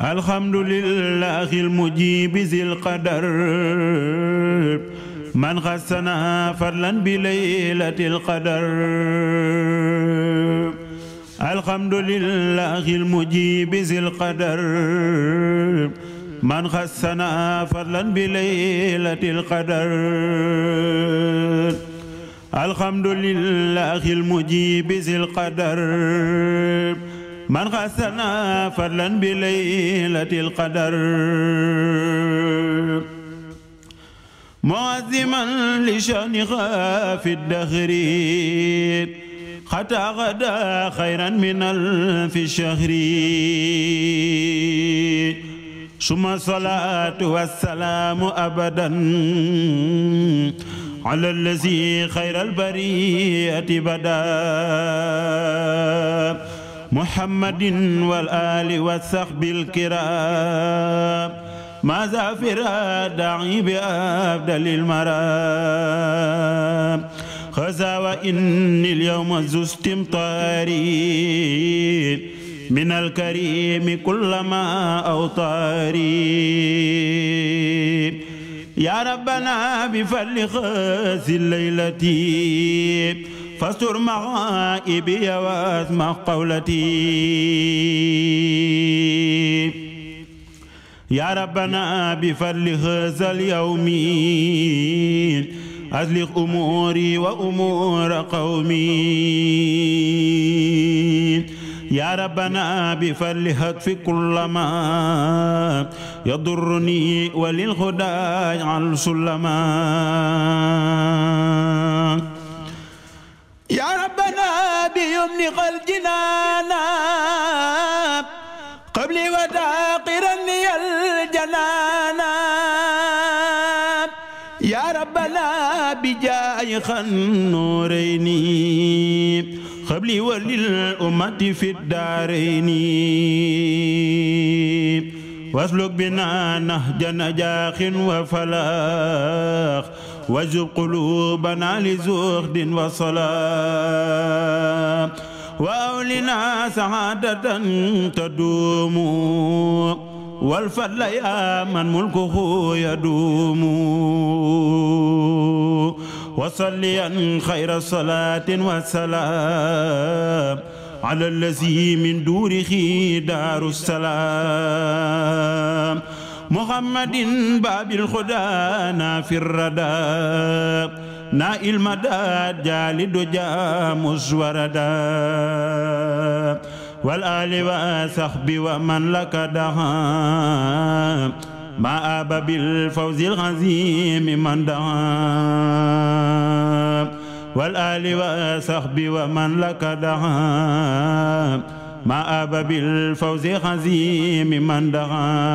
الحمد لله المجيب ذي القدر من خصنا فضلا بليلة القدر الحمد لله المجيب ذي القدر من خصنا فضلا بليلة القدر الحمد لله المجيب ذي القدر من غسنا فضلا بليلة القدر معظما لشان في الدهر حتى غدا خيرا من ألف الشهر ثم الصلاة والسلام أبدا على الذي خير البرية بدا محمد والآل والصحب الكرام ماذا فرا داعي بأبدل المرام خزا وإني اليوم ذو استمطاري من الكريم كلما أوطاري يا ربنا بفل خاس الليلة فاستر مغائبي واسمع قولتي يا ربنا بفضل هذا اليوم أزلق أموري وأمور قومي يا ربنا بفضل في كل ما يضرني وللهدى على سلما يا ربنا بيمن خلق جنانا قبل وتاقرا لي الجنانا يا ربنا بجاي النورين قبل وللأمة في الدارين واسلك بنا نهج نجاح وفلاح واجب قلوبنا لزهد وصلاة وأولنا سعادة تدوم والفضل يا من ملكه يدوم وصليا خير صلاة وسلام على الذي من دوره دار السلام محمد باب الخدا في الردى نائل المدى جالد جامس وردى والآل وصحب ومن لك دها ما أب بالفوز العظيم من دعا والآل وصحب ومن لك دها ما أبى بالفوز خزيم من دغى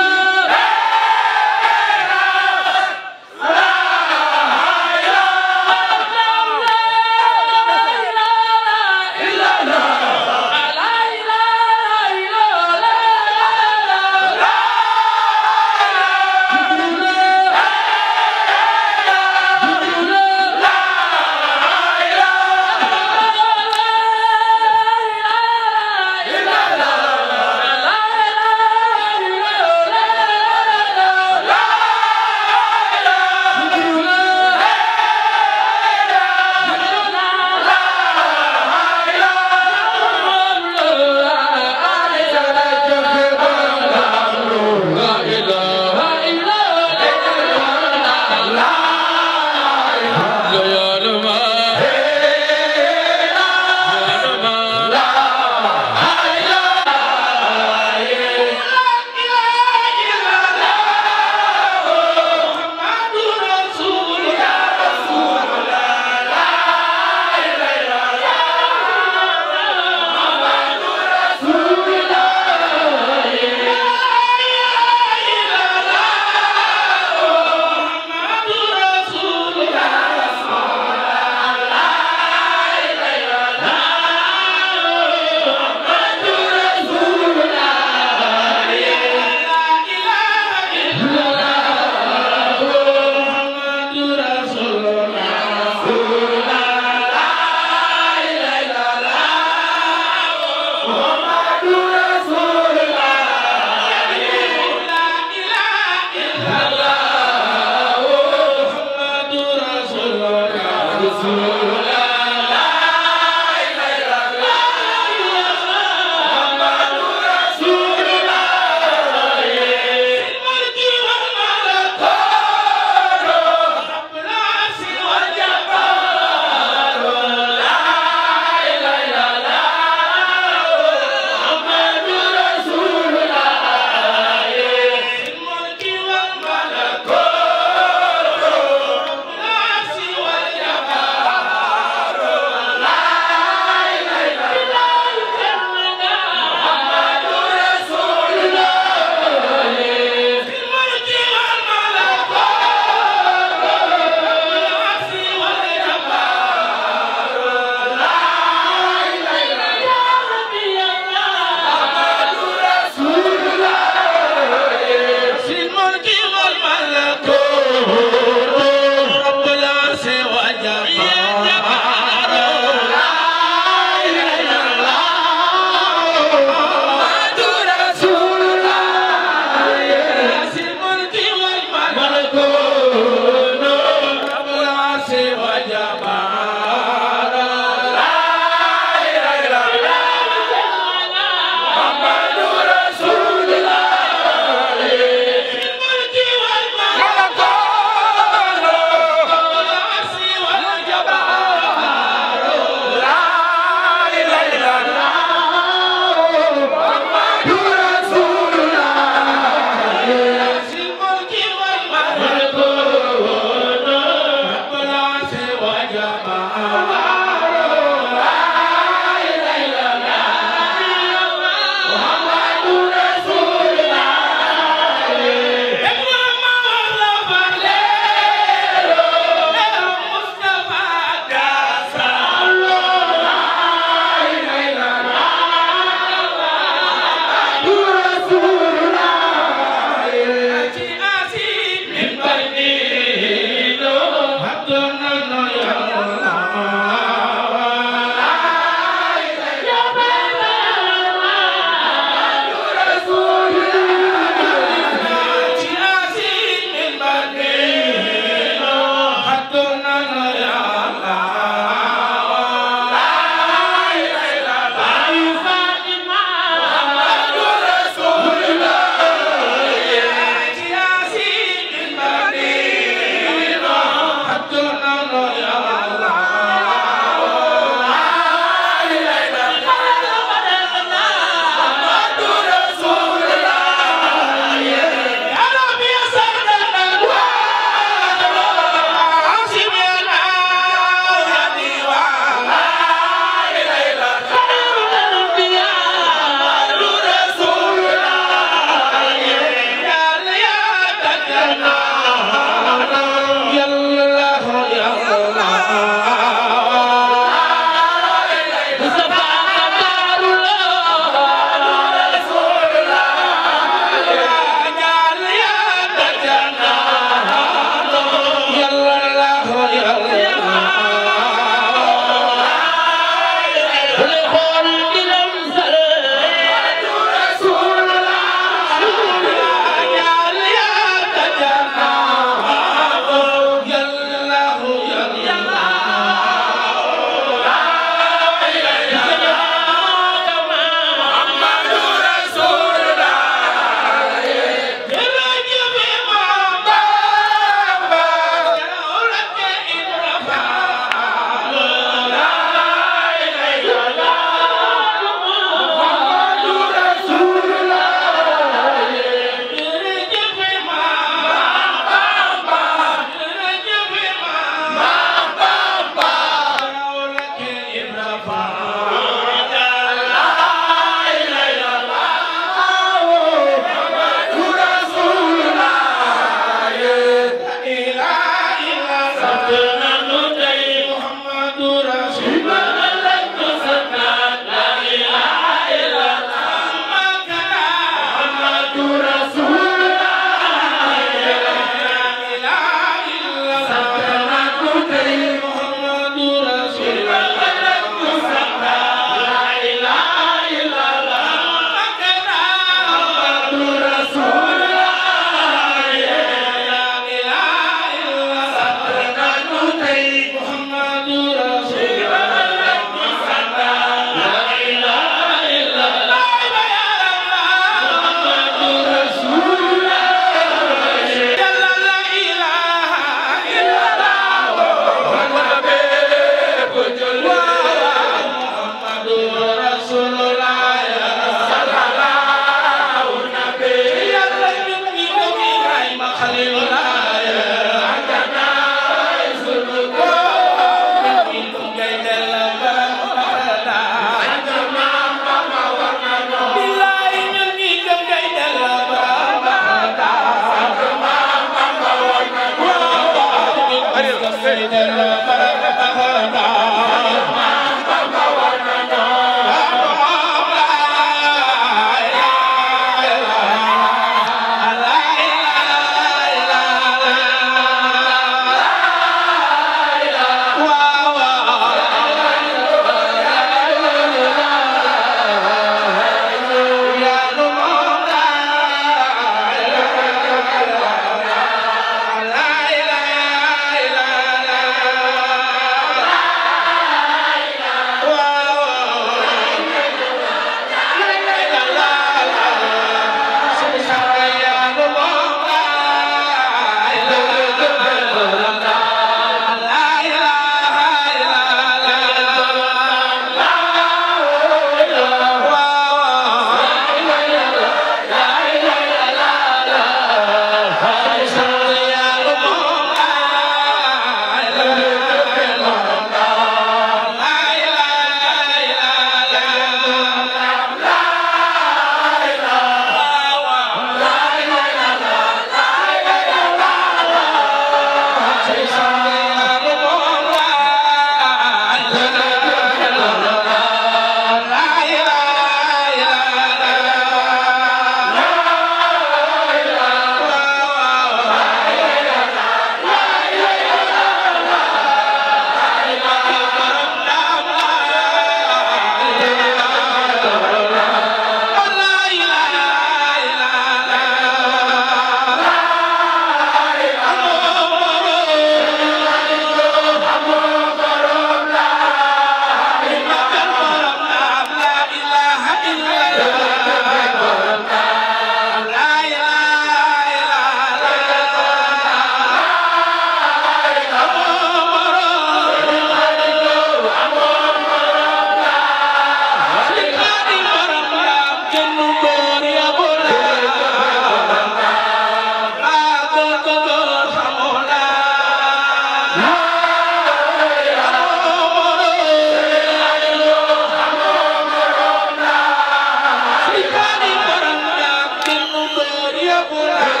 Liverpool!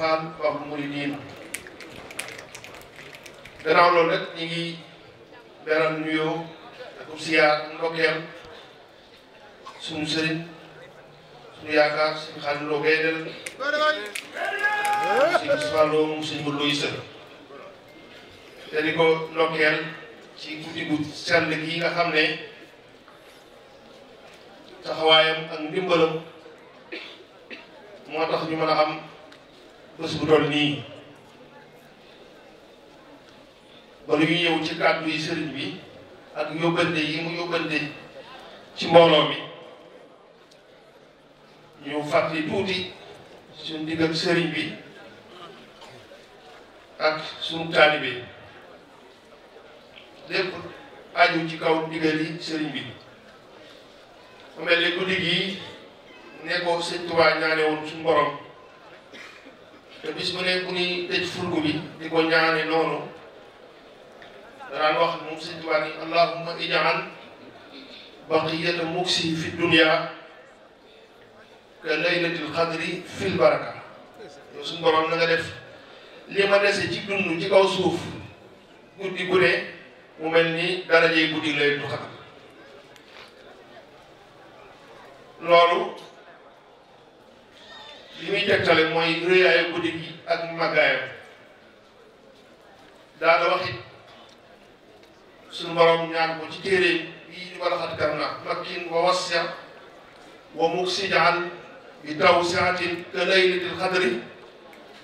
Fall wax diin gannaaw loolu nag ñu ngi beral nuyoo ko siyaar ndokkeel suñu sëriñ suñu yaakaar suñu xaalis loo koy dellu suñu Fallou moom suñu bu yi sër te di ko ndokkeel ci guddi gu sell gi nga xam ne taxawaayam ak ndimbalam moo tax ñu mën a am. bés bu toll nii ba ñu ñëw ci kàddu yi sëriñ bi ak yóbbante yi mu yóbbante ci mbooloo mi ñu fàttali tuuti suñ digg ak sëriñ bi ak suñu taalibe lépp aju ci kaw ndigali sëriñ bi mu mel ne guddi gi ne ko sëñ Tuubaa ñaane woon suñu borom te bis bu ne ku ñuy tëj furgu bi di ko ñaane noonu danaan wax moom sëñ Tuubaa ni allahumma ij'al baqiyata muksi fi dunya ka laylatil qadri fil baraka yow suñu borom na nga def li ma dese ci dund ci kaw suuf guddi gu mu mel ni darajey guddi lay du xatam loolu li muy tegtale mooy rëyaayu guddi gi ak màggaayam daana wax it suñu borom ñaan ko ci téere bii di ko laxat na makkin wa wasya wa muksijan bi taw siatin ka laylatil xadri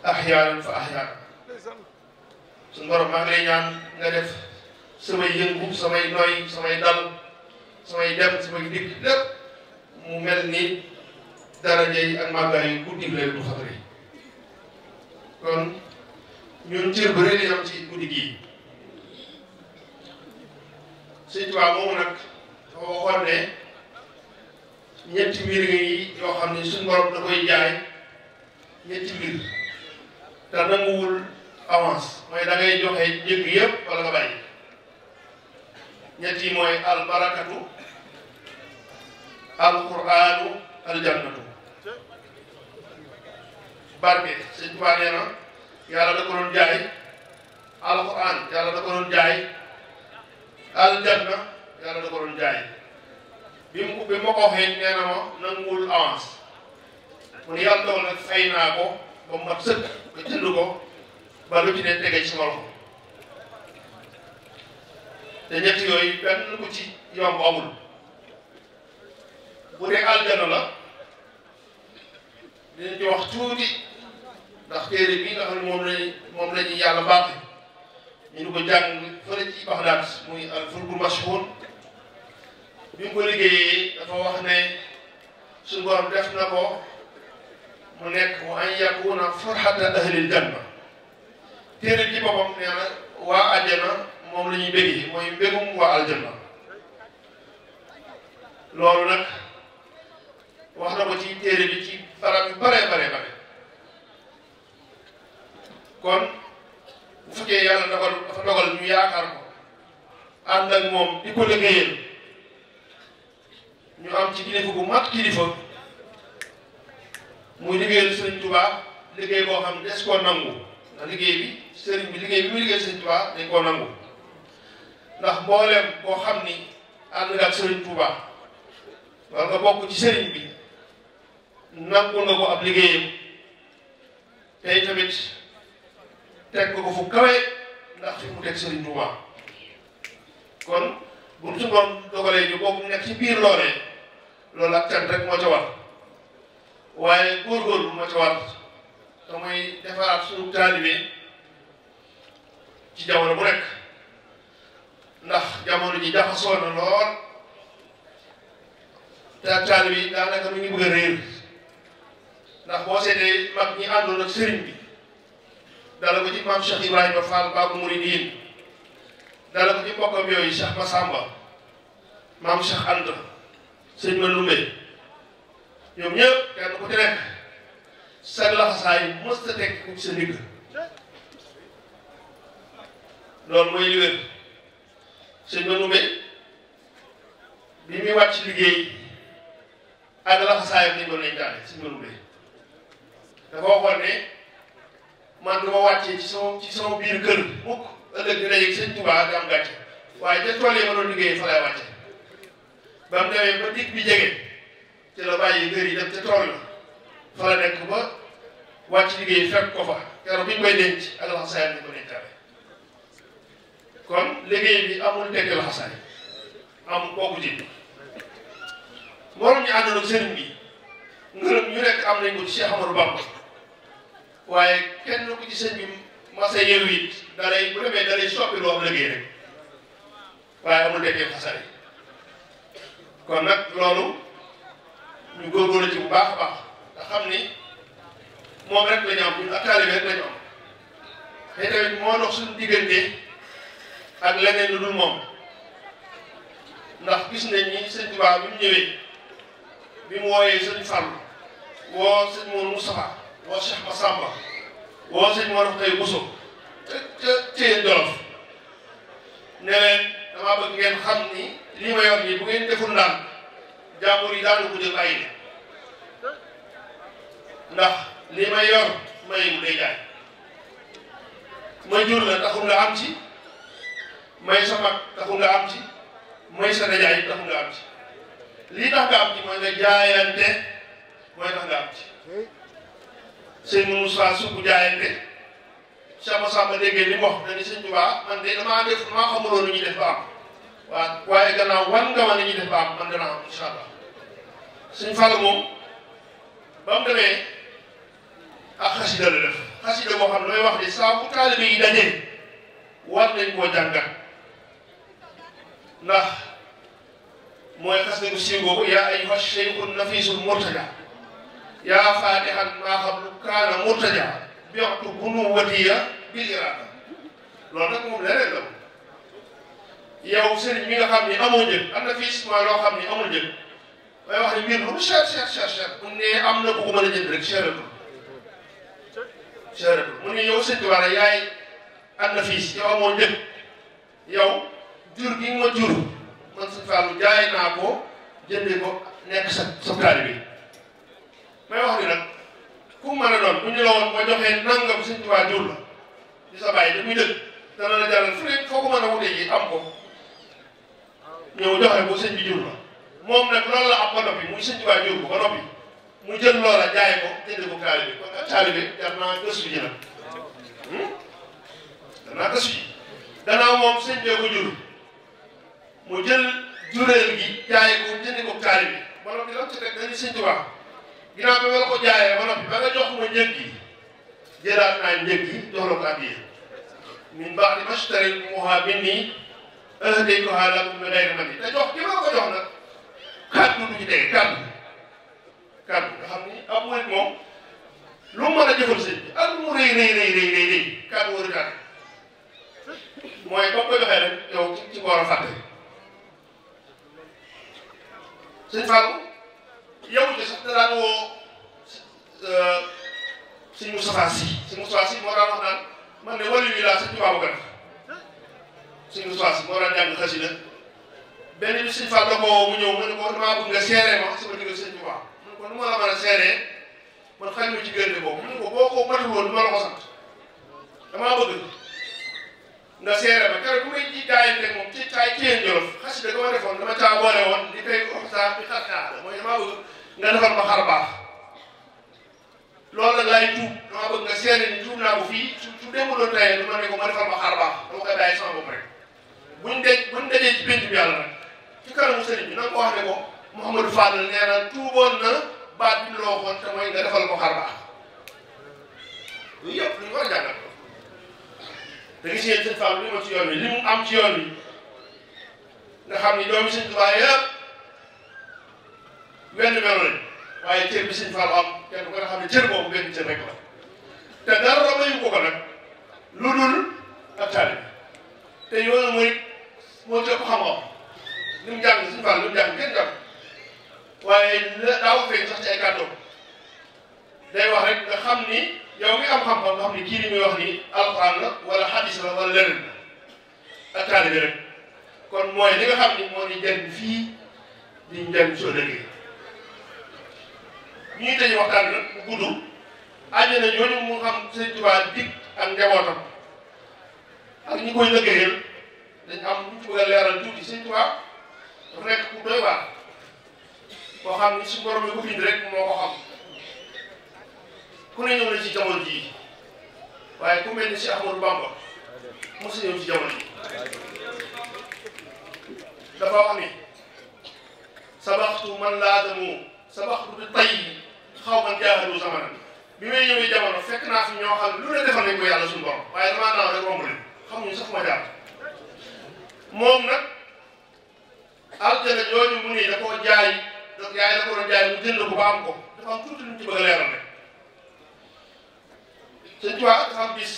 ahyaanan fa ahyaan suñu borom maa ngi lay nga def samay yëngu samay noy samay dal samay dem samay dikk mu mel ni daraja yi ak màggaay yi guddi laylatul xadr yi kon ñun cër bu rëy am ci guddi gii Sëñ Tuubaa moomu nag dafa waxoon ne ñetti mbir yi yoo xam ne suñu borom da koy jaay ñetti mbir te nanguwul avance mooy da joxe njëg yëpp wala nga bàyyi ñett mooy albarakatu alquranu aljanatu barke sëñ Tuubaa nee na yàlla da ko doon jaay alxuraan yàlla da ko doon jaay aljanna yàlla da ko doon jaay bi mu bi ma ko waxee nee na ma nanguwul avance mu ne yàlla dogal nag fay naa ko ba mu mat sëkk ne tege ci te ñett yooyu benn ku ci yomb amul bu dee aljana la dinañ ci wax tuuti ndax téere bii nga xam ne moom lañu moom la ñuy yàlla baaxe ñu ngi ko jàng fële ci Baxdaad muy al fulkul mashhur bi mu ko liggéeyee dafa wax ne suñu borom def na ko mu nekk wa an yakuna farxata ahlil janna téere bi ci boppam nee na waa àjjana moom la ñuy bëggee mooy mbégum waa aljanna loolu nag wax na ko ci téere bi ci faram yu bare bare bare kon bu fekkee yàlla dogal dafa dogal ñu yaakaar ko ànd ak moom di ko liggéeyal ñu am ci kilifa bu mag kilifa muy liggéeyal sëriñ Tuubaa liggéey boo xam ne des koo nangu ndax liggéey bi liggéey koo ndax boo xam ni ànd nga ak sëriñ Tuubaa war nga bokk ci sëriñ bi nangu nga ko ab liggéeyam tey tamit teg ko fu kawe ndax fi mu teg Serigne Touba kon bu ñu suñu dogalee ñu boobu nekk ci biir loolee lool ak cant rek moo ca war waaye góorgóorlu moo ca war te mooy defaraat suñu taalibe ci jamono bu nekk ndax jamono ji jaxasoo na lool te taalibe yi daanaka nu ñu bëgg a réer ndax boo seetee mag ñi àndoon ak sëriñ bi. Dalam ko ci maam Cheikh Ibrahima Fall Babu muridin dalam ko ci mbokkam yooyu Cheikh Massamba maam Cheikh Anta sëñ ma Lumbe ñoom ñëpp kenn ku ci nekk seen laxasaay adalah a teg ku sa ndigg li Lumbe bi ak ni ko ma Lumbe dafa man du ma wàccee ci sama ci sama biir kër mukk ëllëg ñu dajeeg sëñ Tuubaa di am waaye ca tool yi ma doon liggéeyee fa laay wàcce ba mu demee ba bi jege ci la bàyyi kër yi dem ca tool la fa la nekk ba wàcc liggéey fekk ko fa keroog bi ñu koy denc ak laxasaay bi ñu ko kon liggéey bi amul tekk laxasaay amul kooku ji morom ñu àndoon ak sëriñ bi ngërëm ñu nekk am nañ ko ci Cheikh Amadou Bamba waaye kenn ku ci sëñ bi masa yeewu it dalay bu demee dalay soppi lu am liggéey rek waaye amul déggee xasar kon nag loolu ñu góorgóorlu ci bu baax baax nga xam ni moom rek la ñu am ñun ak taalibe rek la ñu ak leneen lu moom ndax gis nañ ni sëñ Tuubaa bi mu ñëwee bi mu wooyee sëñ Fall woo sëñ Mourou Moustapha woo masamba Massamba woo sëñ Mor Faye Bousso ca ca Thiel Jolof ne leen damaa bëgg ngeen xam ni li ma yor nii bu ngeen deful ndaan jàmbur yi daanu ko jël bàyyi ndax li ma yor may mu day jaay ma jur la taxul nga am ci may sa mag taxul nga am ci may sa dajaay taxul nga am ci lii tax nga am ci mooy nga jaayante mooy tax nga am ci sëñ Moussa jaayante Cheikh Massamba déggee li mu wax dañuy sëñ Tuubaa man de damaa def damaa xamuloon lu ñuy waaye gannaaw wan nga ma li man dana am incha allah sëñ Fallou ak xasida la xasida moo xam ne damay wax de saa bu taalibe yi dajee war nañ koo jàngat ndax mooy xas ne bu siiw boobu yaa ayyuha sheykhun nafisul murtada yaa faatihan maa xablu kaana murtaja bextu bunu watiya bil irada loolu nag moom leneen la yow sëriñ mi nga xam ni amoo njëg am na fii si loo xam ni amul njëg may wax na ku ko mën a jënd jur gi nga jur man sëñ Fallou jaay naa ko jëndee ko nekk sa sa bi. may wax ni nag ku mën a doon bu ñu la woon boo joxee nangam sëñ Tuubaa jur la di sa bàyyi damuy dëgg dana la jaral fu ne ko mën a wute ji am ko ñëw joxe ko sëñ bi jur la moom nag loolu la am noppi muy sëñ Tuubaa jur mu jël loola jaay ko jënd ko taalibe bi kon taalibe bi jar naa gëstu ji nag danaa hmm? gëstu ji danaa moom sëñ bee ko jur mu jël jureel gi jaay ko jënd ko taalibe bi ba noppi lan ci teg dañuy sëñ Tuubaa ginnaaw bi nga ko jaayee ba noppi jox ma njëg gi jëlaat naa njëg jox la ko addiya min baax di mashtari muha bi nii ahdaytuha lakum bi ghayri madi te jox ki ma ko jox nag kàddu du ci tege kàddu kàddu nga xam ni am mu mën a jëfal mu rëy rëy rëy rëy mooy comme ko rek yow ci ci ko war yow de sax danaa woo euh, sëñ Moustapha Sy sëñ Moustapha Sy moo daan wax naan man de wàllu wi laa sëñ Tuubaa bëgg na sëñ Moustapha Sy moo daan jàng xasida benn bi sëñ Fall da ko woo mu ñëw mu ne ko damaa bëgg nga seeree ma sama digg sëñ Tuubaa mu ne ko nu man xañ mu ne ko boo ko matul woon du ma la ko sant damaa bëgg nga seere ma keroog bu may ji daayanteeg moom ci kaay Thiel Jolof xasida ko ma defoon dama caa boole woon nga defal ma xar baax loolu nag laay tuub nga seere ni tuub naa ko fii su su demuloon tey du ma ne ko ma defal ma xar baax dama koy bàyyi sama bopp rek buñ de buñ dajee ci pénc bi yàlla na nga ko wax ko Mouhamadou Fadal nee na baat bi ñu la waxoon te mooy nga yooyu yëpp lu ñu war a jàngal da nga siy seen ma ci yoon li mu am ci yoon nga xam ni doomi Sëriñ Tuubaa yëpp. wenn melo lañ waaye cër bi Sëñ Fall xam ne cër boobu benn cër rek la te dara ko ko lu dul ak taalib te yoonu mooy moo ci ëpp xam-xam li mu jàng Sëñ Fall mu jàng kenn jàng waaye daa wax feeñ sax ci ay kàddoom day wax rek nga xam ni yow mi am xam-xam xam ni kii li muy wax ni alxuraan la wala xadis la wala leneen kon mooy li nga xam ni moo di jënd fii di njëriñ soo dëggee ñuy tëj waxtaan nag gudd àjjana ñooñu mu xam Sëriñ Tuubaa dig ak njabootam ak ñi koy lëggéeyal dañ am lu ci bëgg a leeral tuuti Sëriñ Tuubaa dafa nekk ku doy waar koo xam ni suñu borom yi ko bind rek moo ko xam ku ne ñëw na ci jamono jii waaye ku mel ni si Ahmadou Bamba mos a ñëw ci jamono ji dafa wax ni sabaxtu man laadamu sabaxtu bi tay xaw man jaaxalul sama nag bi may ñëwee jamono fekk naa fi ñoo xam lu ne defal nañ ko yàlla suñu borom waaye damaa naaw rek romb leen xamuñu sax ma jaar moom nag aljana jooju mu nii da koo jaay da yaay da jaay mu jënd ko ba am ko dafa am tuuti luñ a leeral rek sëñ am bis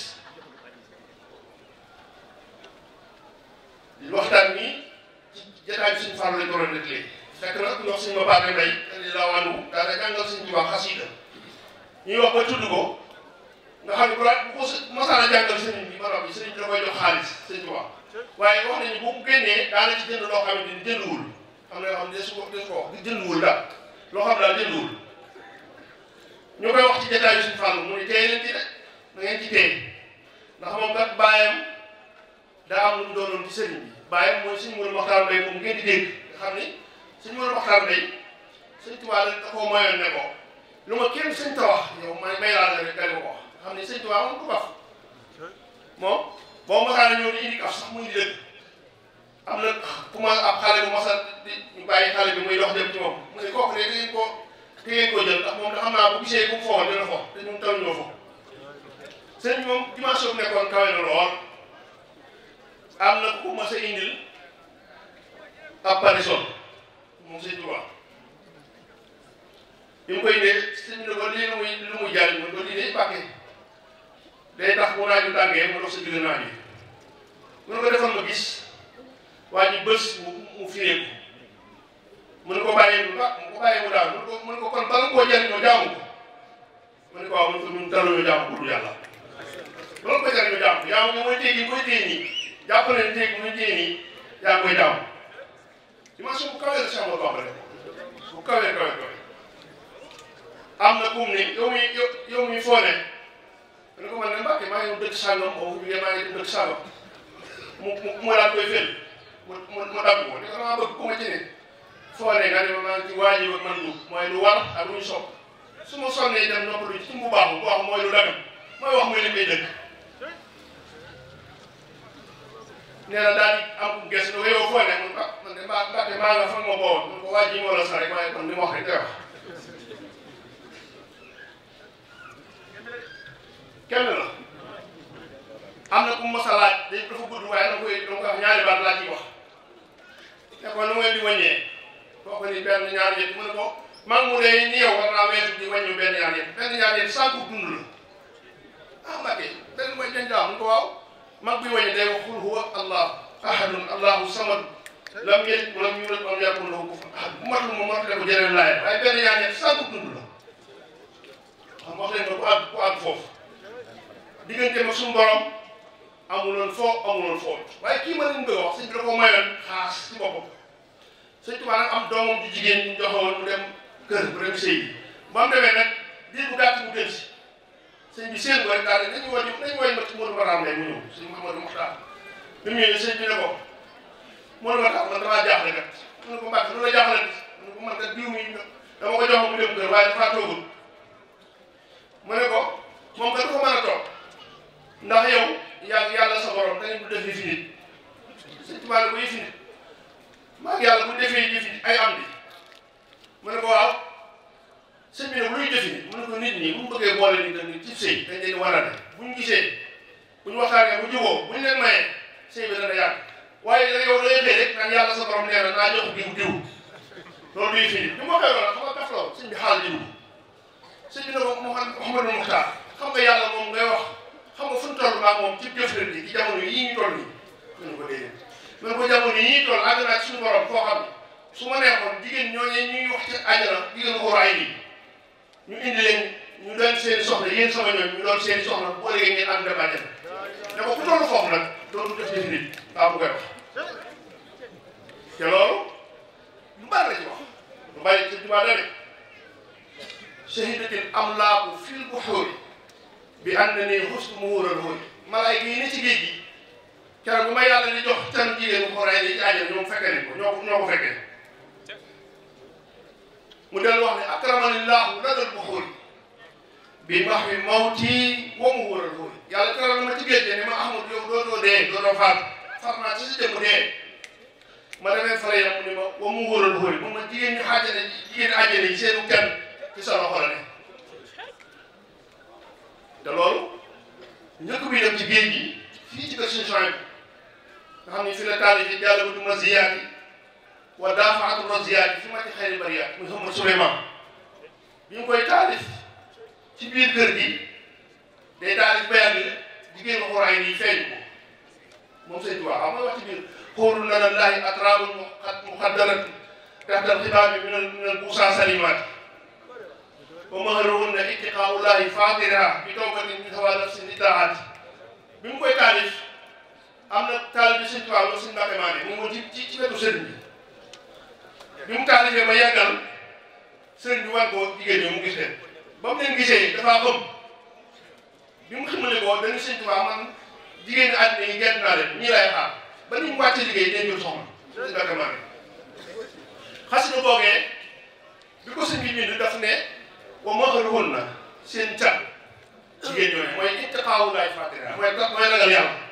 waxtaan nii ci jotaay bi suñu faru lañ ko doon fekk nag ñoom suñu ma bi mbay di lawanu daana jàngal suñ tubaa xasida ñuy wax ba tudd ko nga xam ne bu daan bu ko masaan a jàngal sëriñ bi maanaam bi sëriñ bi da koy jox xaalis sëriñ tubaa waaye wax nañu bu génnee daana ci jënd loo xamante ni jënduwul am na yoo xam ne su ko su ko wax di jënduwul daal loo xam daal jënduwul ñu koy wax ci jataayu suñu fàll mu ne tey leen ci de da ngeen ci tey ndax moom kat bàyyam daa am lu mu doonoon ci sëriñ bi bàyyam mooy suñu mën waxtaan bay moom ngeen di dégg nga xam ni suñ mën a waxtaan day suñ tubaab rek da koo mayoon ne ko lu ma kenn suñ ta wax yow may may laa la rek danga ko wax nga xam ne suñ tubaab moom du kaf moom boo masaana ñëw di indi kaf muy di am na ku ab xale bu masa di ñu bàyyi xale bi muy dox dem ci mu ne kooku de da ngeen ko da ngeen ko jël ndax moom da xam naa bu gisee bu mu foogoon dina foofu te ñun taw ñoo foofu sëñ bi moom dimension bi nekkoon kawe na lool am na ku ko mas a indil apparition moom sëñ Tuubaa bi mu koy indee sëñ bi ne ko lii lu muy lu muy jaay mu ko lii day pàkke day tax bu naaju tàngee mu dox sa digg naaj yi mu ne ko defal ma gis waa ji bés mu mu firee ko mu ne ko bàyyee mu ba mu ko bàyyee mu daal mu ne ko mu ne ko kon ba nga koo jariñoo jaamu ko mu ne ko waaw mu ne ko ñun taluñoo jaamu ko du yàlla loolu ko jariñoo jaamu jaamu nga mooy téye gi mooy téye nii jàpp leen téye gi mooy téye nii yaa koy jaamu dimension bu kawee la Cheikh Amadou Bamba def bu kawee kawee kawee am na kum ni yow muy yow muy foo ne dana ko mën ne mbàkke maa ngi doon dëkk sàngam boobu bi maa ngi doon dëkk sàngam mu mu mu daal koy fël mu mu mu dàgg ko li ko maa bëgg ku ma ci ne foo ne nga ne ma maa ngi ci waa ji ba mën lu mooy lu war ak lu ñu sopp su ma sonnee dem noppalu ci bu baax bu baax mooy lu dagam mooy wax muy li ngay dëkk nee na daal di am ku gëstu ne ko yow fooy ne ba man ba de maa nga fan ko wàjji moo la sare waaye kon li ma wax rek la am na ku mos a laaj gudd waaye dama koy dama koy wax ko di ni ko mu ni yow di ah Mbacke ko waaw. mag bi woy day wax qul huwa allahu ahadun allahu samad lam yalid walam yulad walam yakun lahu kufuwan ahad bu matul moom wax dëgg jëlee laay waaye benn yaa nekk sànq dund la xam wax leen ko ku àgg ku àgg foofu diggante mag suñu borom amuloon foo amuloon foo waaye kii ma leen bëgg a wax sëñ bi da ko mayoon xaas ci boppam sëñ Tuubaa nag am doomam ju jigéen ñu joxoon mu dem kër bu dem sëy ba mu demee nag diir bu gàtt bu dellusi sëñ bi séen ko rek daal nañu woy nañu woy mat Modou Baraam lay mu ñëw sëñ Modou Muxtaar bi mu ñëwee sëñ bi ne ko Modou Baraam man damaa jaaxle kat mu ne ko mbàkk lu la jaaxle mu ne ko man kat diw mi dama ko jox mu dem kër waaye dafa toogul mu ne ko moom kat ko mën a toog ndax yow yaa yàlla sa borom dañu du def yëfi nit sëñ Tuubaa ko yëfi nit maa ngi yàlla bu defee yëfi ay am bi mu ne ko waaw sëñ bi nag luy jëfee mu ne ko nit ñi bu mu bëggee boole ñu dem ci sëy ñu leen war a def buñ gisee buñ waxtaanee bu juboo buñ leen mayee sëy bi dana yàgg waaye da yow doyatee rek naan yàlla sa borom nee na naa jox diw diw loolu luy fii ni mu waxee loolu xam nga daf la sëñ bi xaal diw sëñ bi nag moom Mouhamadou Moukhtar xam nga yàlla moom ngay wax xam nga fu ñu toll maa moom ci jëflante yi ci jamono yii ñu toll nii mën ko déedéet ko ñu toll su ma neexoon jigéen ñooñu ñuy wax ci àjjana ñu indi leen ñu doon seen soxla yéen sama ñu doon seen soxla boo léegi ngeen am débat ne ko ku toll foofu nag dootu def defi nit baa bëgg a wax te loolu lu bari la ci wax lu bari ci jumaa dane shahidatil amlaaku fil buxuuri bi ànd ne xusnu mu wóoral wóor malaay yi ne ci géej gi keroog bu ma yàlla di jox can jigéen bu xoraay di ci àjjal ñoom fekkee nañ ko ñoo ko ñoo ko mu del wax ne akramani llahu nadal buxuuri bi bahri mawti wa muhuural huuri yàlla teral ma ci géej gi ne ma ahmadu yow doo doo dee doo doo faatu far naa ci si jëmm dee ma demee fara yam mu ne ma wa muhuural huuri mu ma jigéen ñi xaajale jigéen àjjana yi seenu gan ci sa loxo la ne te loolu ñëkk bi dem ci géej gi fii ci kër Sëñ Suhaybu nga xam ne fi la taal yi jàll ba du ma ziyaar yi ودافعت من زياد في مات خير بريا مهم سليمان بين كوي تالف في بير كردي دي تالف بيان ديغي خوراي ني فين مو سي توا اما وقت بير قول لنا الله اطراب مقدره تحت الخطاب من الموسى سليمان ومهرون اتقاء الله فاطرة بتوكل من هوا نفس النتاعات بين كوي تالف amna talbi sin taw sin ndaxe mané mo mo ci ci wetu sen bi mu taalifee ba yàggal sëriñ bi war ko jigéen ñi mu gis leen ba mu leen gisee dafaa ëpp bi mu xamale ko dañu sëriñ Tuubaa man jigéen ñi àddina yi gerte naa leen ñii lay xaar ba ni mu wàccee liggéey day jël soxna suñu dakamaane xasida boogee bi ko sëriñ bi bind daf ne wa maxaluhun na seen cat jigéen ñooñu mooy ittaqaawullaah fàtte mooy mooy ragal yàlla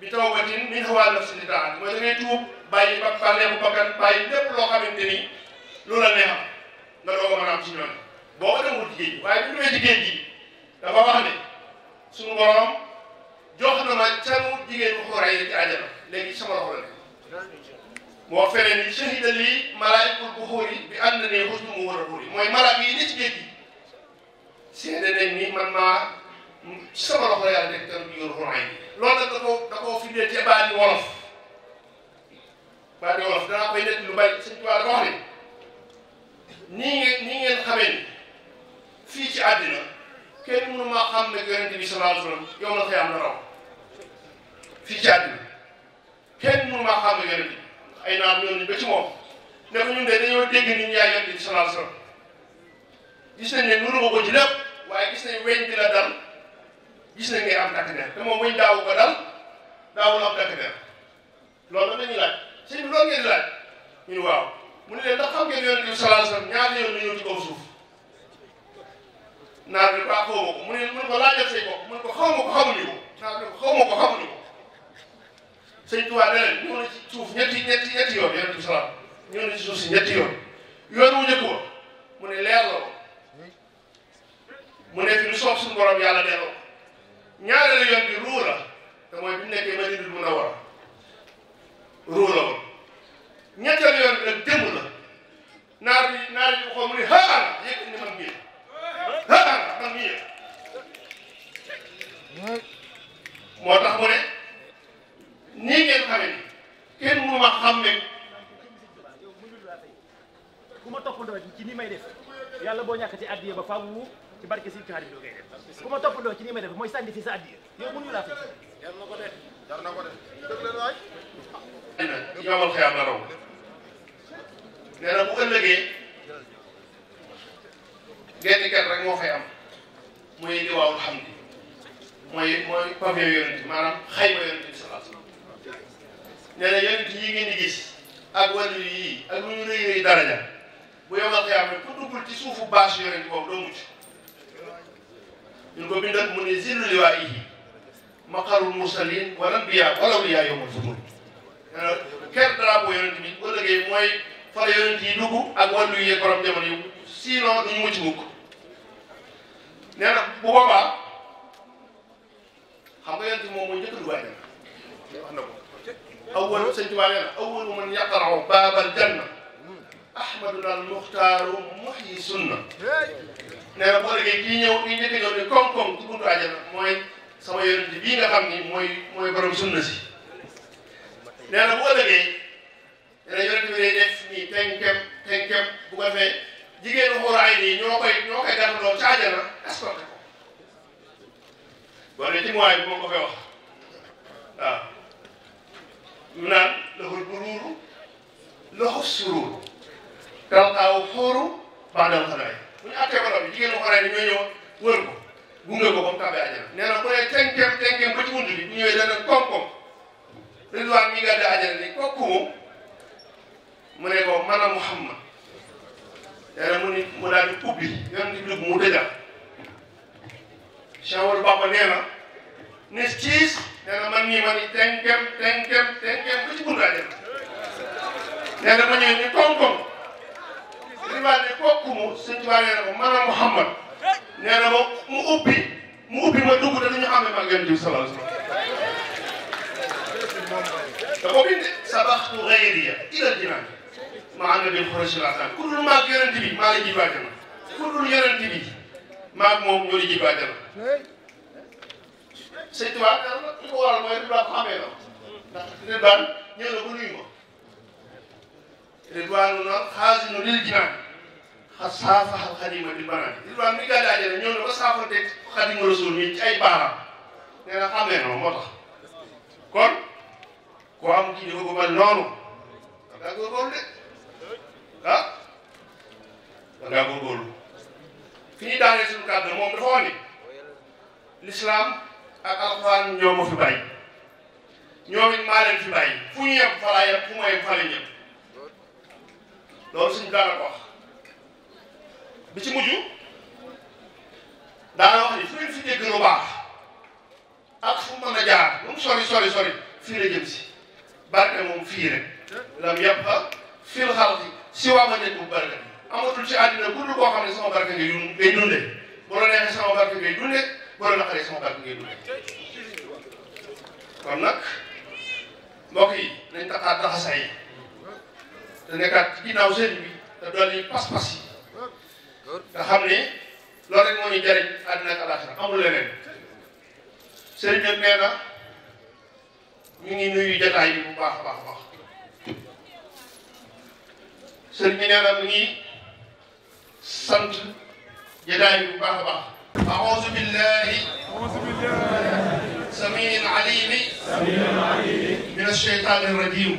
bi tawbatin min hawa nafsi li taat mooy da ngay tuub bàyyi ba bànneexu bakkan bàyyi lépp loo xamante ni lu la neexam nga doo mën a am ci ñoom boo ko demul ci géej gi waaye bu demee ci géej gi dafa wax ne suñu borom jox na ma canu jigéen bu ko rey ci àjjana léegi sama loxo la moo feneen ni shahida lii malaayikul buxuuri bi ànd ne mu war a buuri mooy ne ci man maa sama loxo yàlla nekk tam ñu yor xuraay bi loolu nag da koo da koo fi ne ci baati wolof baati wolof danaa lu bari sëñ Tuubaa dafa wax ne nii ngeen nii ngeen xamee ni fii ci àddina kenn mënu maa xam ne yonente bi sallallahu alayhi wa sallam yow la na raw kenn mënu maa xam ne yonente bi ay naam ñoo ñu ba ci moom ne ko ñun de dañoo ni ñu yaay yonente bi sallallahu alayhi wa nuru ko ci lépp waaye gis nañ weñ bi la dal gis nañ ngay am takk der te moom muñ daawu ko dal daawul am takk der loolu nag la ñuy laaj sëñ bi loolu ngeen di laaj ñu ne waaw mu ne leen ndax xam ngeen yonent bi sallallahu alayhi wasallam ñaari yoon la ñëw ci kaw suuf naar bi baaxoo ah, ma ko mu ne mu ne ko laajal say bopp mu ne ko xaw ma ko xamuñu ko naar bi ko xaw ma ko xamuñu ko sëñ Tuubaa ne leen ñëw na ci suuf ñetti ñetti ñetti yoon yonent bi salaam ñëw na ci suuf si ñetti yoon yoon wu njëkk wa mu ne leer la ko mu ne fi lu soob suñu borom yàlla delloo ñaareelu yoon bi ruu te mooy bi mu nekkee Madinatul Munawwara ruu la woon ñetteelu yoon bi nag démb la naar bi naar bi waxoon mu ne xaaral yëkkati ni man mii la xaaral man mii la moo tax mu ne nii ngeen xame ni kenn mënu ma xam ne ku ma topp ci ni may def yàlla boo ñàkk ci addiya ba faaw ci barke si ci xarit bi koy def ku ma toppandoo ci ni may def mooy sànni fi sa addiya yow mënuñu laa fekk ينزل لوائه مقر المرسلين والانبياء ولو يا يوم الزمن كان راب ويرنتمي ولا جاي موي فلا يرنتي نوكو اقول لي كرم دمني سيلو نيموتشوك نانا بوبا xam nga yent mo mo jëkku du wañu awal señtu wañu awal man yaqra'u bab al-janna ahmadu al-mukhtar muhyi sunna nee na boo déggee kii ñëw kii ni koom-koom ci buntu mooy sama yonent bii nga xam ni mooy mooy borom sunna si nee na bu ëllëgee dana yonent bi day def nii tenkem tenkem bu ko defee jigéenu xuraay nii ñoo koy ñoo koy gàttandoo ci àjjana escorté ko boo dee ci mooy bi moom ko fee wax waaw ñu naan loxul buruuru loxu suruuru talqaaw xuuru bandal xanaay bu ñu àttee ko noppi jigéen ñi xoree dañoo ñëw wër ko gunge ko ba mu tàbbee àjjana nee na bu dee tenkeem tenkeem ba ci bunt bi bu ñëwee dana koom-koom Ridwaan mi gàdde àjjana ni kooku moom mu ne ko man a Muhammad nee na mu ni mu daal di ubbi yoon di dugg mu dëjal Cheikh Bamba nee na ne ciis nee na man nii ma ni tenkeem tenkeem tenkeem ba ci bunt àjjana nee na ma ñëwee ni koom-koom rival ne kooku mu sëñ Tuubaa nee na ko maanaam Muhammad nee na ma mu ubbi mu ubbi ma dugg te du ñu amee ma ngeen di sallallahu alayhi wa sallam da ko bindee sabaxtu ghayriya ila jinaan ma ànd bi xurashil azam ku dul maag yonent bi maa la ji baajana ku dul yonent bi maag moom ñoo di ji baajana sëñ Tuubaa ko waral mooy rival xamee la ndax rival ñëw na bu nuyu ma ridwaanuna xaasinu lil jinaan xa saafaxal xadima bil banaan ridwaan mi gàddaa jële ñëw na ba saafanteeg xadima rasul mi ci ay nee na xamee na moo tax kon ku am kilifa gu mel noonu da ngaa góorgóorlu de ah da ngaa góorgóorlu fi ñu daanee suñu kàddu moom dafa wax lislaam ak alxuraan ñoo fi bàyyi ñoom it fi bàyyi fu ñu yem fa laa yem fu ma yem loolu suñu daana ko bi ci mujj daana wax ni fu ngeen fi dégg lu baax ak fu mën a jaar lu sori sori sori fii la jëm si barke moom fii rek lam yàpp fil xalqi si waa ma nekk bu barke amatul ci àddina bu dul koo xam ne sama barke ngay dund ngay dundee bu la neexee sama barke ngay dundee bu la naqaree sama barke ngay dundee kon nag mbokk yi nañ taxaat taxasaay yi te nekkaat ci ginnaaw sëriñ bi te dolli pas-pas yi nga xam ne loolu rek moo ñu jëriñ àddina ak alaxira amul leneen sëriñ bi nee na ñu ngi nuyu jotaay bi bu baax a baax a baax sëriñ bi nee na mu ngi sant jotaay bi bu baax a baax. أعوذ بالله السميع العليم من الشيطان الرجيم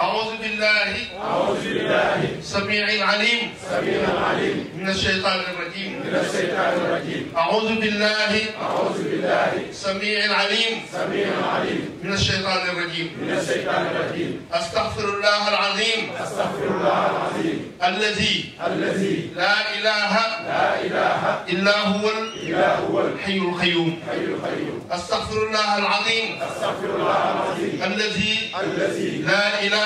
أعوذ بالله أعوذ بالله سميع العليم سميع العليم من الشيطان الرجيم من الشيطان الرجيم أعوذ بالله أعوذ بالله سميع العليم سميع العليم من الشيطان الرجيم من الشيطان الرجيم أستغفر الله العظيم أستغفر الله العظيم الذي الذي لا إله لا إله إلا هو إلا هو الحي القيوم الحي القيوم أستغفر الله العظيم أستغفر الله العظيم الذي الذي لا إله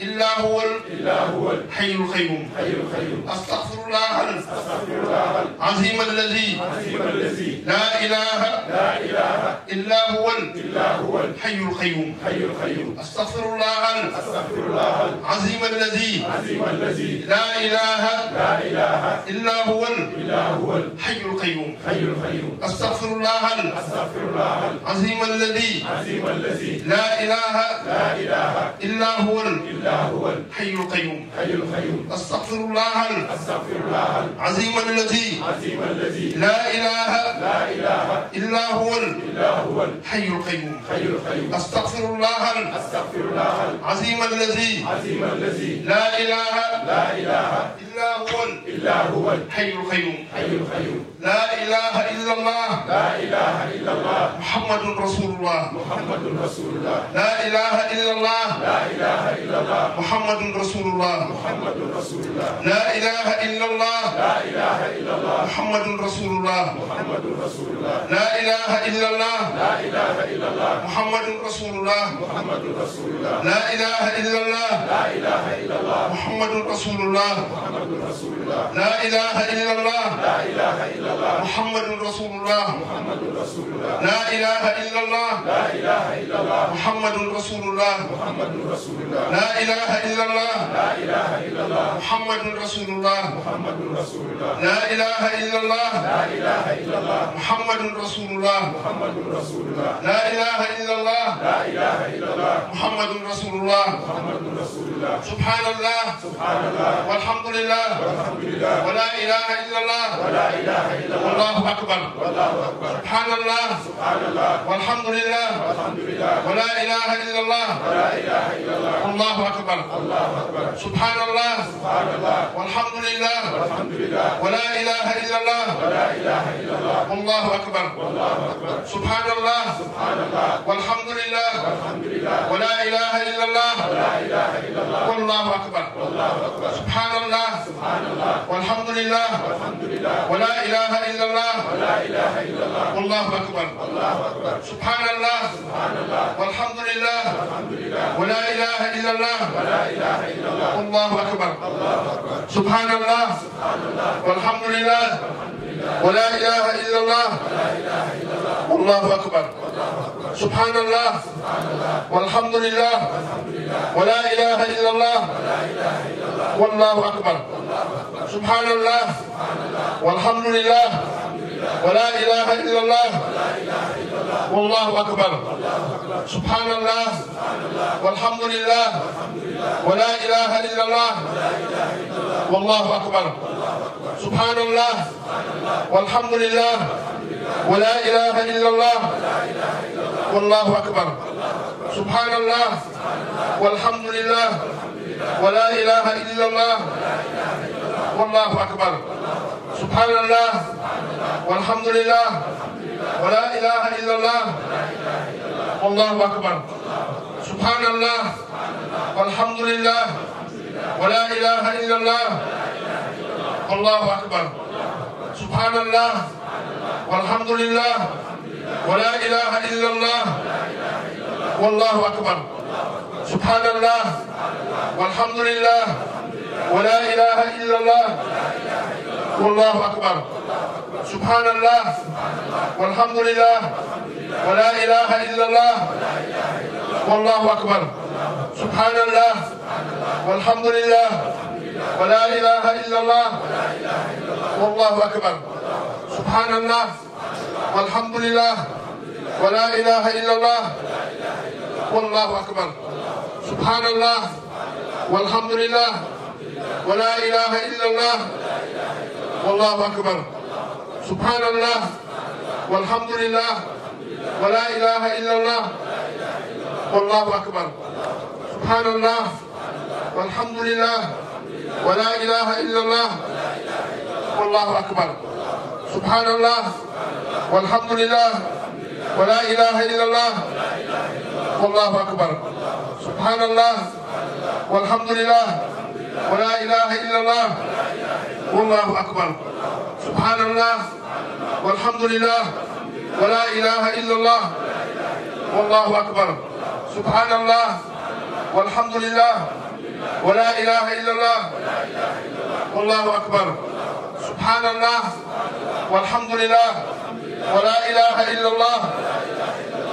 إلا هو إلا هو الحي القيوم حي أستغفر الله أستغفر الله العظيم الذي الذي لا إله إلا هو إلا هو الحي القيوم حي أستغفر الله أستغفر الله العظيم الذي الذي لا إله لا إله إلا هو إلا هو الحي القيوم حي أستغفر الله أستغفر الله العظيم الذي الذي لا إله إلا هو هو الحي القيوم حي القيوم استغفر الله استغفر الله العظيم الذي عظيم الذي لا اله لا اله الا هو الا هو الحي القيوم حي القيوم استغفر الله استغفر الله العظيم الذي عظيم الذي لا اله لا اله هو إلا هو الحي القيوم حي القيوم لا إله إلا الله لا إله إلا الله محمد رسول الله محمد رسول الله لا إله إلا الله لا إله إلا الله محمد رسول الله محمد رسول الله لا إله إلا الله لا إله إلا الله محمد رسول الله محمد رسول الله لا إله إلا الله لا إله إلا الله محمد رسول الله محمد رسول الله لا إله إلا الله لا إله إلا الله محمد رسول الله محمد رسول الله لا إله إلا الله لا إله إلا الله محمد رسول الله محمد رسول الله لا إله إلا الله لا إله إلا الله محمد رسول الله محمد رسول الله لا إله إلا الله لا إله إلا الله محمد رسول الله محمد رسول الله لا إله إلا الله لا إله إلا الله محمد رسول الله محمد رسول الله لا إله إلا الله لا إله إلا الله محمد رسول الله محمد رسول الله سبحان الله سبحان الله والحمد لله الله والحمد لله ولا اله الا الله ولا اله الا الله والله اكبر والله اكبر سبحان الله سبحان الله والحمد لله والحمد لله ولا اله الا الله ولا اله الا الله الله اكبر الله اكبر سبحان الله سبحان الله والحمد لله والحمد لله ولا اله الا الله ولا اله الا الله الله اكبر والله اكبر سبحان الله سبحان الله والحمد لله والحمد لله ولا اله الا الله ولا اله الا الله والله اكبر والله اكبر سبحان الله سبحان الله والحمد لله ولا إله إلا الله والله أكبر سبحان الله والحمد لله ولا إله إلا الله والله أكبر سبحان الله والحمد لله ولا إله إلا الله الله والله أكبر سبحان الله والحمد لله ولا إله إلا الله والله أكبر سبحان الله والحمد لله ولا إله إلا الله والله أكبر سبحان الله والحمد لله ولا إله إلا الله والله أكبر سبحان الله والحمد لله ولا إله إلا الله والله أكبر سبحان الله والحمد لله ولا إله إلا الله والله أكبر سبحان الله والحمد لله ولا إله إلا الله والله أكبر سبحان الله والحمد لله ولا إله إلا الله والله أكبر سبحان الله والحمد لله ولا إله إلا الله والله أكبر سبحان الله والحمد لله ولا إله إلا الله والله أكبر سبحان الله والحمد لله ولا إله إلا الله والله أكبر سبحان الله والحمد لله ولا إله إلا الله والله أكبر سبحان الله والحمد لله ولا إله إلا الله والله أكبر سبحان الله والحمد لله ولا إله إلا الله والله أكبر سبحان الله والحمد لله ولا إله إلا الله والله أكبر سبحان الله والحمد لله ولا إله إلا الله والله أكبر سبحان الله والحمد لله ولا إله إلا الله والله أكبر سبحان الله والحمد لله ولا إله إلا الله والله أكبر سبحان الله والحمد لله ولا إله إلا الله والله أكبر سبحان الله والحمد لله ولا إله إلا الله والله أكبر سبحان الله والحمد لله ولا إله إلا الله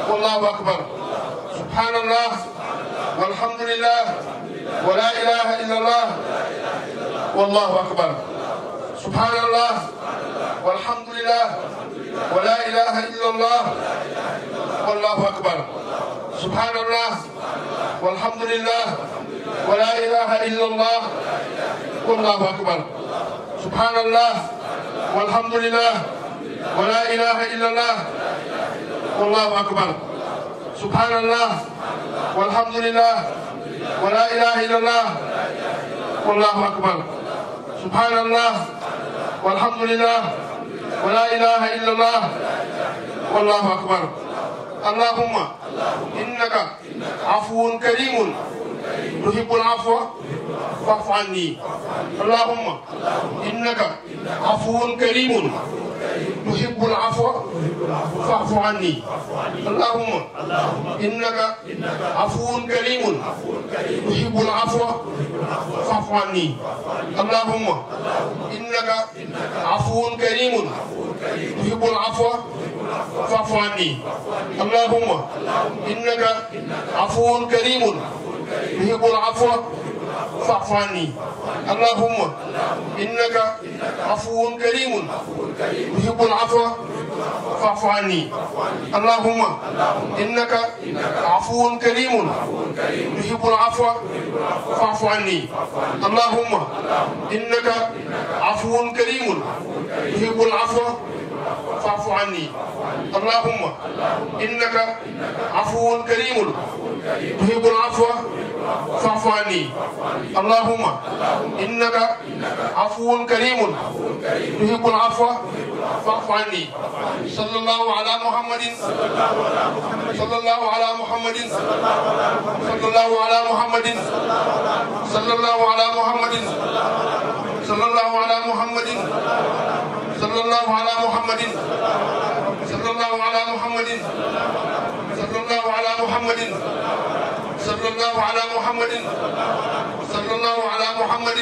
والله أكبر سبحان الله والحمد لله ولا إله إلا الله والله أكبر سبحان الله والحمد لله ولا إله إلا الله والله أكبر سبحان الله والحمد لله ولا إله إلا الله والله أكبر سبحان الله والحمد لله ولا إله إلا الله والله أكبر سبحان الله والحمد لله ولا إله إلا الله والله أكبر سبحان الله والحمد لله ولا إله إلا الله والله أكبر اللهم إنك عفو كريم تحب العفو فاعف عني اللهم إنك عفو كريم تحب العفو فاعف عني اللهم إنك عفو كريم تحب العفو فاعف عني اللهم إنك عفو كريم تحب العفو فاعف عني اللهم إنك عفو كريم يحب العفو فاعف عني اللهم إنك عفو كريم تحب العفو فاعف عني اللهم إنك عفو كريم تحب العفو فاعف عني اللهم إنك عفو كريم تحب العفو فاعف عني اللهم إنك عفو كريم تحب العفو فاعف عني اللهم إنك عفو كريم تحب العفو فاعف عني صلى الله على محمد صلى الله على محمد صلى الله على محمد صلى الله على محمد صلى الله على محمد صلى الله على محمد صلى الله على محمد صلى الله على محمد صلى الله على محمد صلى الله على محمد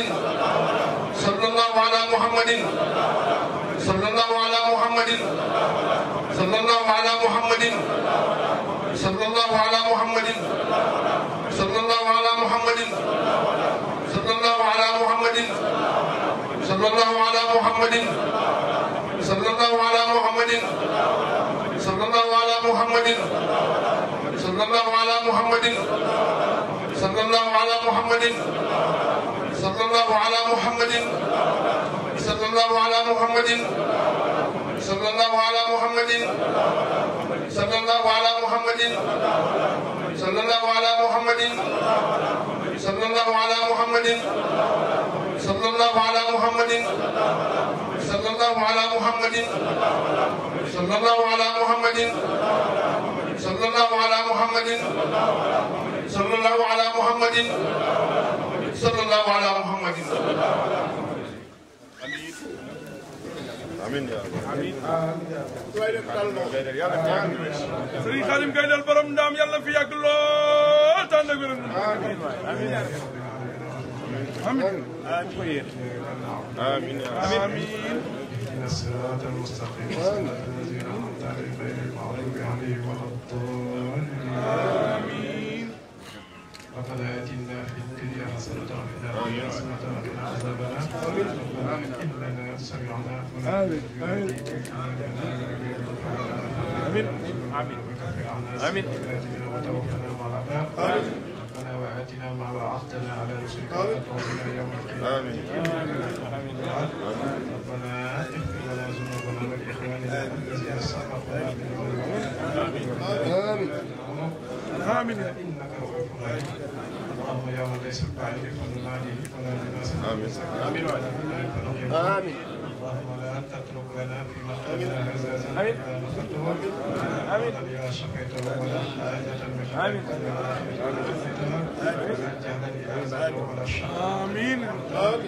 صلى الله على محمد صلى الله على محمد صلى الله على محمد صلى الله على محمد صلى الله على محمد صلى الله على محمد صلى الله على محمد صلى الله على محمد صلى الله على محمد صلى الله على محمد صلى الله على محمد صلى الله على محمد صلى الله على محمد صلى الله على محمد صلى الله على محمد صلى الله على محمد صلى الله على محمد صلى الله على محمد صلى الله على محمد صلى الله على محمد صلى الله على محمد صلى الله على محمد صلى الله على محمد امين يا رب امين سري خادم قايد البرم دام نعم، يلا في امين يا رب امين يا رب امين يا رب امين يا رب امين يا رب امين يا رب امين يا رب امين يا رب امين يا رب امين يا رب امين يا يا يا يا يا يا يا يا يا يا يا يا يا يا رب رب رب رب رب رب رب رب رب رب رب رب رب رب امين امين امين امين امين امين امين امين امين امين امين امين امين امين ربنا اتنا في الدنيا حسنه وفي الاخره حسنه وقنا عذاب النار تسلم آمين آمين آمين آمين آمين وتوفنا مع الأبرار ربنا وآتنا ما وعدتنا على رسلك وتوفنا يوم القيامة آمين ربنا اغفر لنا ذنوبنا ولإخواننا الذين سبقونا بالإيمان آمين آمين إنك رؤوف رحيم اللهم يا من ليس بعدك ولا بعده ولا لباسك آمين آمين اللهم لا تترك لنا في مقتنا عزازا اذا لقدته امين يا شفيته ولا حاجة بك امين آمين آمين ولا شر امين اللهم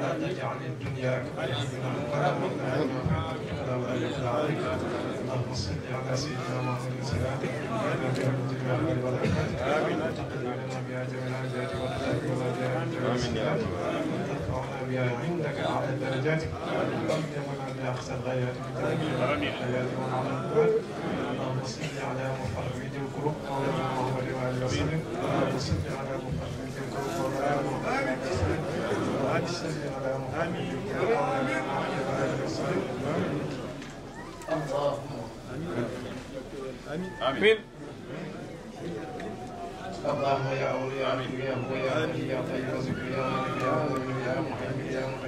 لا تجعل الدنيا اكبر همنا ولا مبلغ آمين آمين آمين آمين آمين آمين آمين امين امين آمين آمين آمين آمين آمين آمين آمين آمين آمين آمين آمين آمين آمين آمين آمين آمين آمين رب عندك أعلى الدرجات أنت ولا أقصى الغايات اللهم صل على محمد الكرم مولانا محمد وعلى اللهم صل على محمد الكرم يا محمد يا صل يا محمد يا مولانا محمد يا وسلم يا آمين اللهم يا أولياء يا أولياء يا طيب يا مالك يا مؤمن يا محمد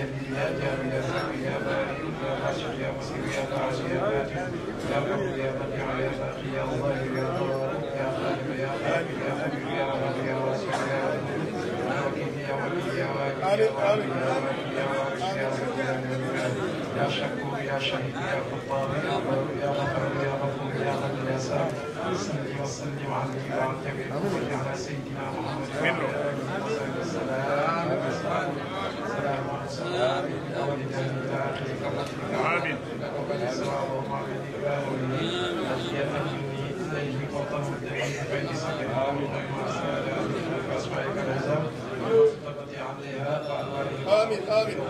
تميل يا جار يا سعي يا بارئ يا راشع يا مسير يا فاعل يا فاتح يا رب يا بديع يا باقي يا ظاهر يا ضار يا خالق يا خالق يا خبير يا رب يا واسع يا حكيم يا ولي يا والي يا والي يا والي يا وارث يا سلام يا شكور يا شهيد يا غفار يا بر يا غفر يا غفور يا غني يا سعد صل وسلم على سيدنا محمد بالاستقرار والسلام وأصحابك الهزم ومنطقة عملها وأنوارها آمين آمين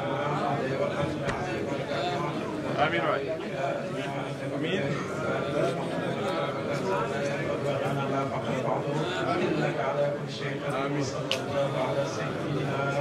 آمين وعليك آمين إنك على كل شيء قدير صلى الله على سيدنا